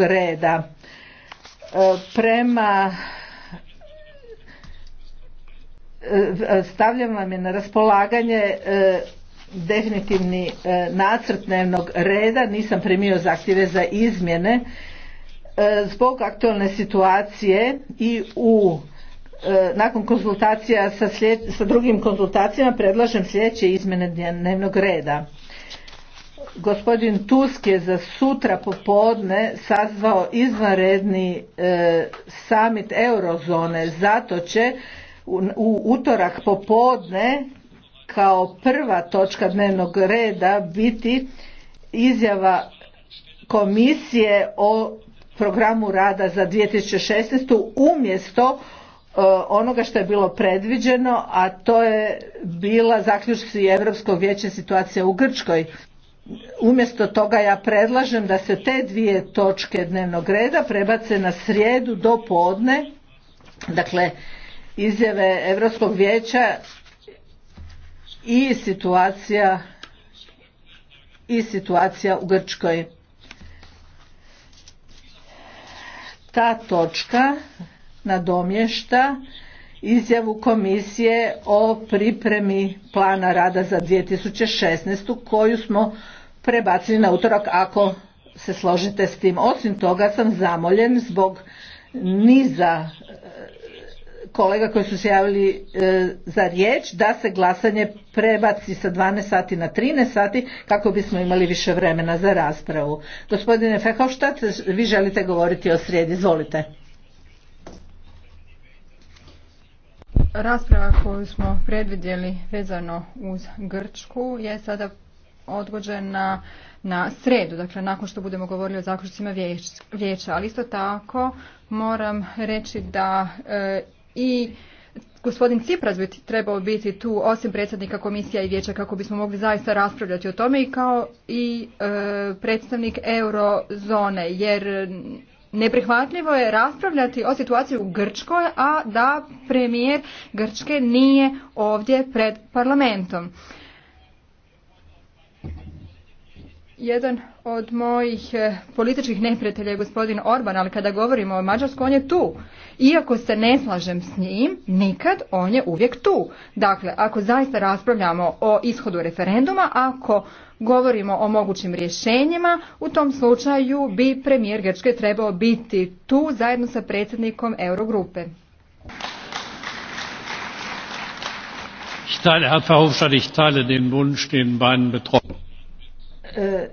reda. E, prema e, stavljam vam je na raspolaganje e, definitivni nacrt dnevnog reda, nisam primio zahtjeve za izmjene. Zbog aktualne situacije i u nakon konzultacija sa, sa drugim konzultacijama predlažem sljedeće izmjene dnevnog reda gospodin Tusk je za sutra popodne sazvao izvanredni e, summit eurozone. Zato će u, utorak popodne kao prva točka dnevnog reda biti izjava komisije o programu rada za 2016. umjesto e, onoga što je bilo predviđeno, a to je bila zaključci Evropskog vijeća situacija u Grčkoj umjesto toga ja predlažem da se te dvije točke dnevnog reda prebace na srijedu do podne dakle izjave europskog vijeća i situacija i situacija u grčkoj ta točka nadomješta izjavu komisije o pripremi plana rada za 2016. koju smo prebacili na utorak ako se složite s tim. Osim toga sam zamoljen zbog niza e, kolega koji su se javili e, za riječ da se glasanje prebaci sa 12 sati na 13 sati kako bismo imali više vremena za raspravu. Gospodine Fehovštac, vi želite govoriti o srijedi, izvolite. Rasprava koju smo predvidjeli vezano uz Grčku je sada odgođena na sredu, dakle nakon što budemo govorili o zaključcima vijeća. Ali isto tako moram reći da e, i gospodin Cipras bi trebao biti tu osim predsjednika komisija i vijeća kako bismo mogli zaista raspravljati o tome i kao i e, predstavnik eurozone jer Neprihvatljivo je raspravljati o situaciji u Grčkoj, a da premijer Grčke nije ovdje pred parlamentom. jedan od mojih e, političkih neprijatelja je gospodin Orban, ali kada govorimo o Mađarskoj on je tu. Iako se ne slažem s njim, nikad on je uvijek tu. Dakle, ako zaista raspravljamo o ishodu referenduma, ako govorimo o mogućim rješenjima, u tom slučaju bi premijer Grčke trebao biti tu zajedno sa predsjednikom Eurogrupe. E,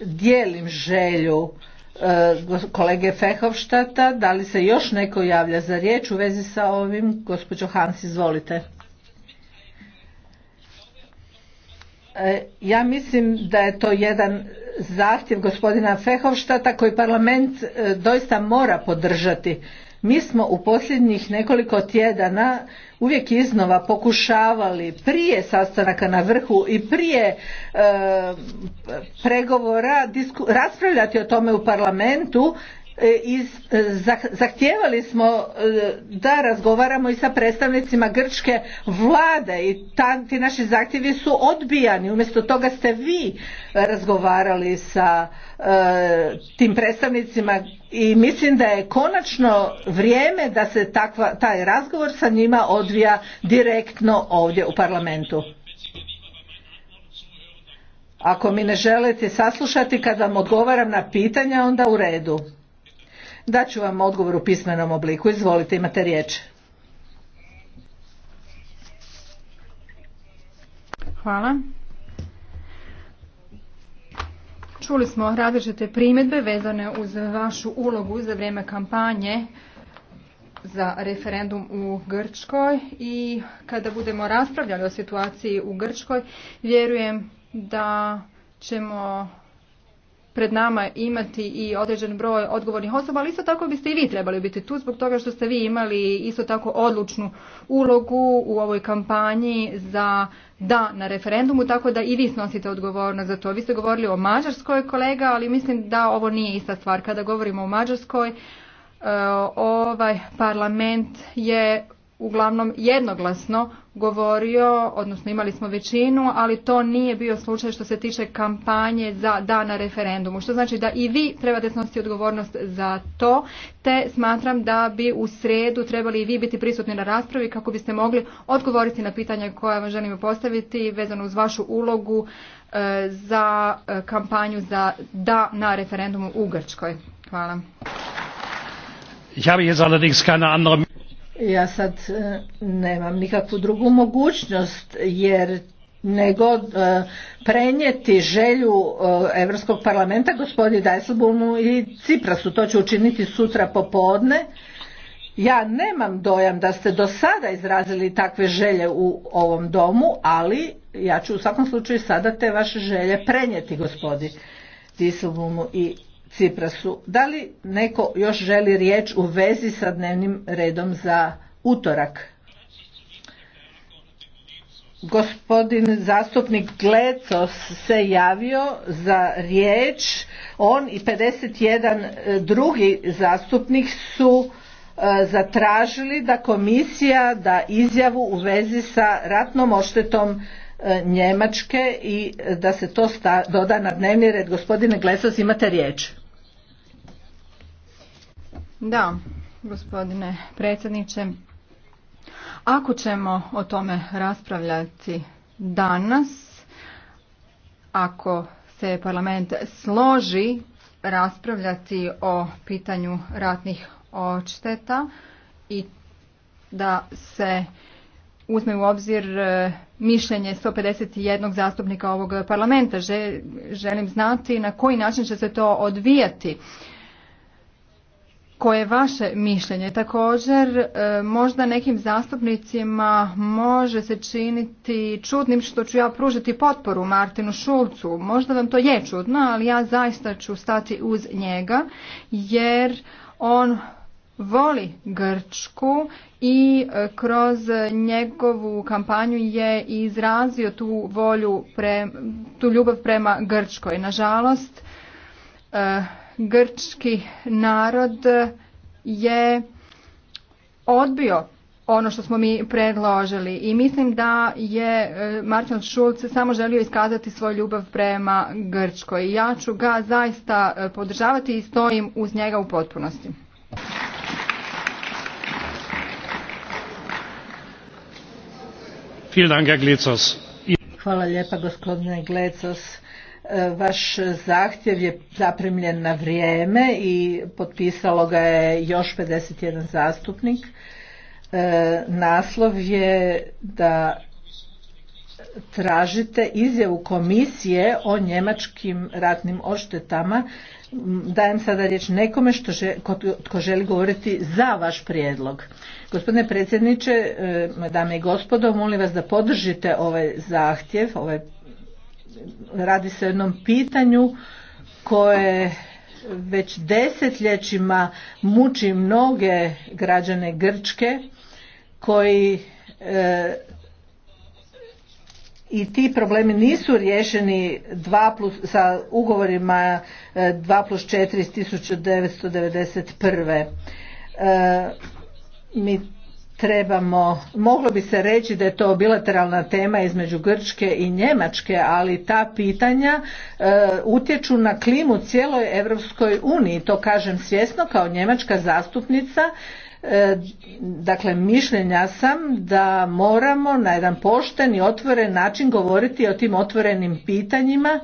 dijelim želju e, kolege Fehovštata. Da li se još neko javlja za riječ u vezi sa ovim? Gospođo Hans, izvolite. E, ja mislim da je to jedan zahtjev gospodina Fehovštata koji parlament doista mora podržati. Mi smo u posljednjih nekoliko tjedana uvijek iznova pokušavali prije sastanaka na vrhu i prije e, pregovora raspravljati o tome u parlamentu E, iz, e, zahtijevali smo e, da razgovaramo i sa predstavnicima grčke vlade i ti naši zahtjevi su odbijani. Umjesto toga ste vi razgovarali sa tim predstavnicima i mislim da je konačno vrijeme da se taj razgovor sa njima odvija direktno ovdje u parlamentu. Ako mi ne želite saslušati kad vam odgovaram na pitanja, onda u redu. Daću vam odgovor u pismenom obliku. Izvolite, imate riječ. Hvala. Čuli smo različite primjedbe vezane uz vašu ulogu za vrijeme kampanje za referendum u Grčkoj i kada budemo raspravljali o situaciji u Grčkoj, vjerujem da ćemo pred nama imati i određen broj odgovornih osoba, ali isto tako biste i vi trebali biti tu zbog toga što ste vi imali isto tako odlučnu ulogu u ovoj kampanji za da na referendumu, tako da i vi snosite odgovornost za to. Vi ste govorili o Mađarskoj kolega, ali mislim da ovo nije ista stvar. Kada govorimo o Mađarskoj, e, ovaj parlament je uglavnom jednoglasno govorio, odnosno imali smo većinu, ali to nije bio slučaj što se tiče kampanje za da na referendumu. Što znači da i vi trebate snositi odgovornost za to, te smatram da bi u sredu trebali i vi biti prisutni na raspravi kako biste mogli odgovoriti na pitanja koja vam želimo postaviti vezano uz vašu ulogu e, za e, kampanju za da na referendumu u Grčkoj. Hvala. Ja sad e, nemam nikakvu drugu mogućnost jer nego e, prenijeti želju Europskog parlamenta gospodin Dijsselboomu i Ciprasu. To će učiniti sutra popodne. Ja nemam dojam da ste do sada izrazili takve želje u ovom domu, ali ja ću u svakom slučaju sada te vaše želje prenijeti gospodin Dijsselboomu i Ciprasu. Da li neko još želi riječ u vezi sa dnevnim redom za utorak? Gospodin zastupnik Glecos se javio za riječ. On i 51 e, drugi zastupnik su e, zatražili da komisija da izjavu u vezi sa ratnom oštetom E, njemačke i da se to sta, doda na dnevni red. Gospodine Glesas, imate riječ. Da, gospodine predsjedniče. Ako ćemo o tome raspravljati danas, ako se parlament složi raspravljati o pitanju ratnih odšteta i da se uzme u obzir e, mišljenje 151 zastupnika ovog parlamenta. Želim znati na koji način će se to odvijati. Koje je vaše mišljenje? Također, e, možda nekim zastupnicima može se činiti čudnim što ću ja pružiti potporu Martinu Šulcu. Možda vam to je čudno, ali ja zaista ću stati uz njega jer on voli Grčku i e, kroz njegovu kampanju je izrazio tu volju, tu ljubav prema Grčkoj. Nažalost, e, grčki narod je odbio ono što smo mi predložili i mislim da je e, Martin Schulz samo želio iskazati svoju ljubav prema Grčkoj. Ja ću ga zaista podržavati i stojim uz njega u potpunosti. Hvala lijepa gospodine Glecos. E, vaš zahtjev je zaprimljen na vrijeme i potpisalo ga je još 51 zastupnik. E, naslov je da tražite izjavu komisije o njemačkim ratnim odštetama. Dajem sada riječ nekome što ko tko želi govoriti za vaš prijedlog. Gospodine predsjedniče, e, dame i gospodo, molim vas da podržite ovaj zahtjev. Ovaj, radi se o jednom pitanju koje već desetljećima muči mnoge građane Grčke koji e, i ti problemi nisu riješeni dva sa ugovorima 2 e, plus 4 iz 1991. E, mi trebamo, moglo bi se reći da je to bilateralna tema između Grčke i Njemačke, ali ta pitanja e, utječu na klimu cijeloj Europskoj uniji. To kažem svjesno kao njemačka zastupnica E, dakle, mišljenja sam da moramo na jedan pošten i otvoren način govoriti o tim otvorenim pitanjima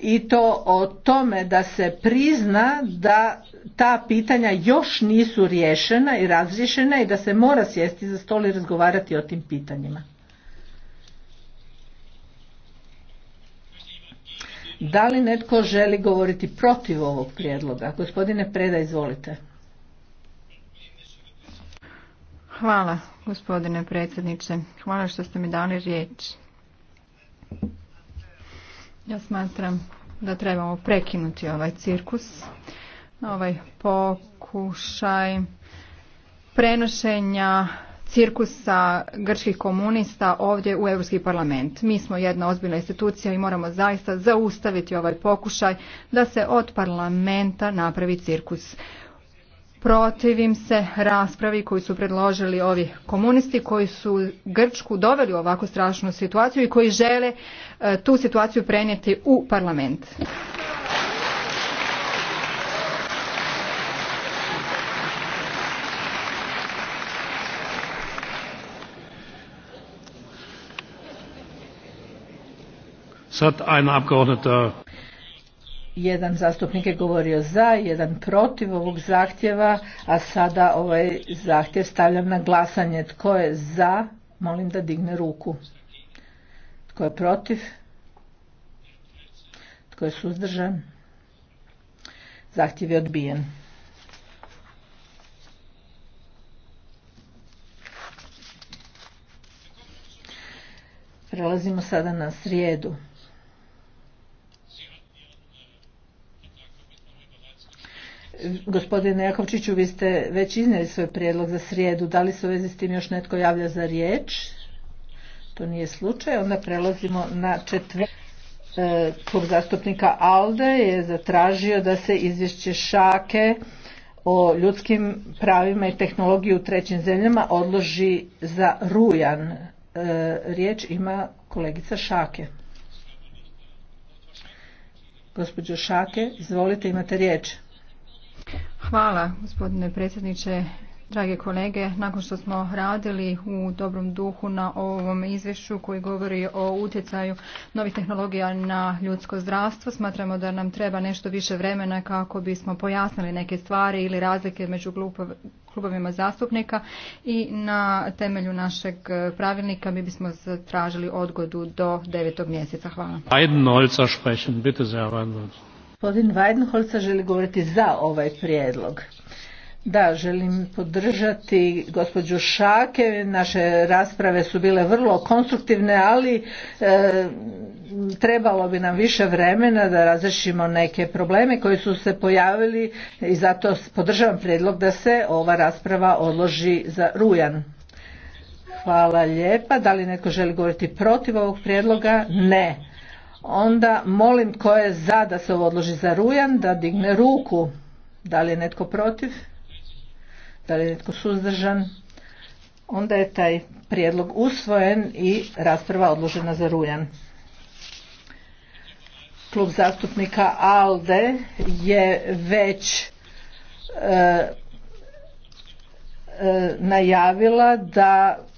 i to o tome da se prizna da ta pitanja još nisu riješena i razriješena i da se mora sjesti za stol i razgovarati o tim pitanjima. Da li netko želi govoriti protiv ovog prijedloga? Gospodine Preda, izvolite. Hvala, gospodine predsjedniče. Hvala što ste mi dali riječ. Ja smatram da trebamo prekinuti ovaj cirkus, ovaj pokušaj prenošenja cirkusa grčkih komunista ovdje u Europski parlament. Mi smo jedna ozbiljna institucija i moramo zaista zaustaviti ovaj pokušaj da se od parlamenta napravi cirkus protivim se raspravi koju su predložili ovi komunisti koji su Grčku doveli u ovakvu strašnu situaciju i koji žele e, tu situaciju prenijeti u parlament jedan zastupnik je govorio za, jedan protiv ovog zahtjeva, a sada ovaj zahtjev stavljam na glasanje. Tko je za? Molim da digne ruku. Tko je protiv? Tko je suzdržan? Zahtjev je odbijen. Prelazimo sada na srijedu. Gospodine Jakovčiću, vi ste već iznijeli svoj prijedlog za srijedu. Da li se u vezi s tim još netko javlja za riječ? To nije slučaj. Onda prelazimo na četvrtak. E, Klub zastupnika ALDE je zatražio da se izvješće šake o ljudskim pravima i tehnologiji u trećim zemljama odloži za rujan. E, riječ ima kolegica Šake. Gospođo Šake, izvolite, imate riječ. Hvala gospodine predsjedniče, drage kolege. Nakon što smo radili u dobrom duhu na ovom izvješću koji govori o utjecaju novih tehnologija na ljudsko zdravstvo, smatramo da nam treba nešto više vremena kako bismo pojasnili neke stvari ili razlike među klubovima zastupnika i na temelju našeg pravilnika mi bismo tražili odgodu do devetog mjeseca. Hvala. Gospodin Weidenholzer želi govoriti za ovaj prijedlog. Da, želim podržati gospođu Šake. Naše rasprave su bile vrlo konstruktivne, ali e, trebalo bi nam više vremena da razrešimo neke probleme koji su se pojavili i zato podržavam prijedlog da se ova rasprava odloži za rujan. Hvala lijepa. Da li neko želi govoriti protiv ovog prijedloga? Ne onda molim ko je za da se ovo odloži za rujan da digne ruku da li je netko protiv da li je netko suzdržan onda je taj prijedlog usvojen i rasprava odložena za rujan klub zastupnika ALDE je već e, e najavila da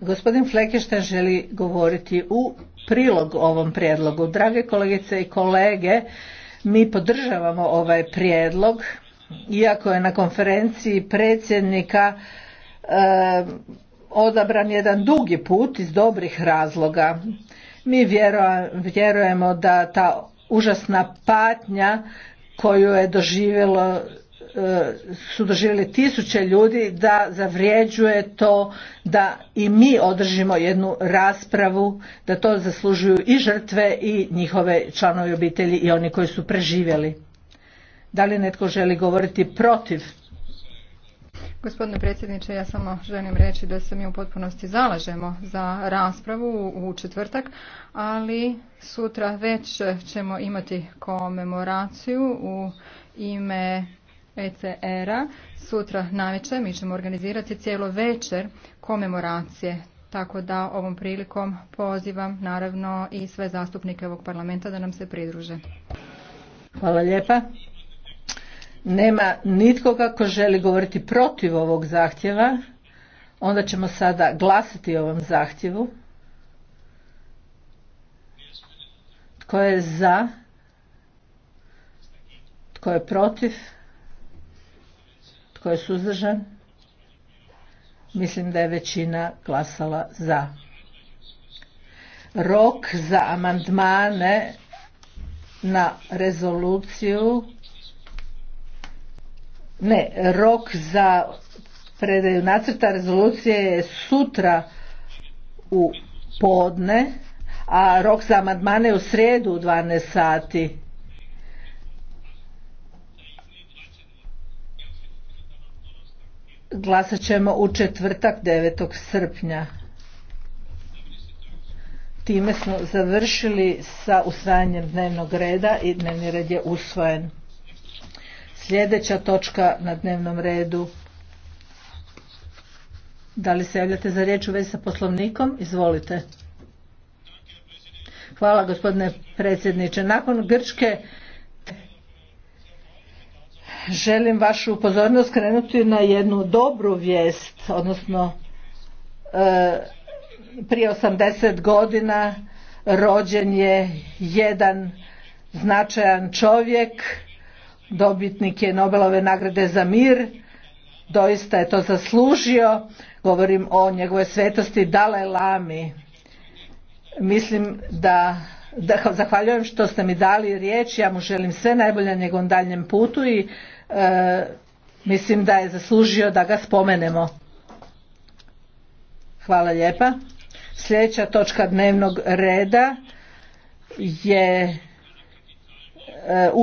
Gospodin Flekešten želi govoriti u prilog ovom prijedlogu. Drage kolegice i kolege, mi podržavamo ovaj prijedlog, iako je na konferenciji predsjednika eh, odabran jedan dugi put iz dobrih razloga. Mi vjerujemo da ta užasna patnja koju je doživjelo su doživjeli tisuće ljudi da zavrijeđuje to da i mi održimo jednu raspravu da to zaslužuju i žrtve i njihove članovi obitelji i oni koji su preživjeli. Da li netko želi govoriti protiv? Gospodine predsjedniče, ja samo želim reći da se mi u potpunosti zalažemo za raspravu u četvrtak, ali sutra već ćemo imati komemoraciju u ime ECR-a. Sutra navečer mi ćemo organizirati cijelo večer komemoracije tako da ovom prilikom pozivam naravno i sve zastupnike ovog parlamenta da nam se pridruže. Hvala lijepa. Nema nitkoga kako želi govoriti protiv ovog zahtjeva. Onda ćemo sada glasati o ovom zahtjevu. Tko je za? Tko je protiv? Tko je suzdržan? Mislim da je većina glasala za. Rok za amandmane na rezoluciju ne, rok za predaju nacrta rezolucije je sutra u podne, a rok za amandmane je u srijedu u 12 sati. Glasat ćemo u četvrtak 9. srpnja. Time smo završili sa usvajanjem dnevnog reda i dnevni red je usvojen. Sljedeća točka na dnevnom redu. Da li se javljate za riječ u vezi sa poslovnikom? Izvolite. Hvala gospodine predsjedniče. Nakon Grčke želim vašu pozornost krenuti na jednu dobru vijest, odnosno e, prije 80 godina rođen je jedan značajan čovjek, dobitnik je Nobelove nagrade za mir, doista je to zaslužio, govorim o njegove svetosti Dalaj Lami. Mislim da da, zahvaljujem što ste mi dali riječ, ja mu želim sve najbolje na njegovom daljem putu i E, mislim da je zaslužio da ga spomenemo. Hvala lijepa. Sljedeća točka dnevnog reda je e,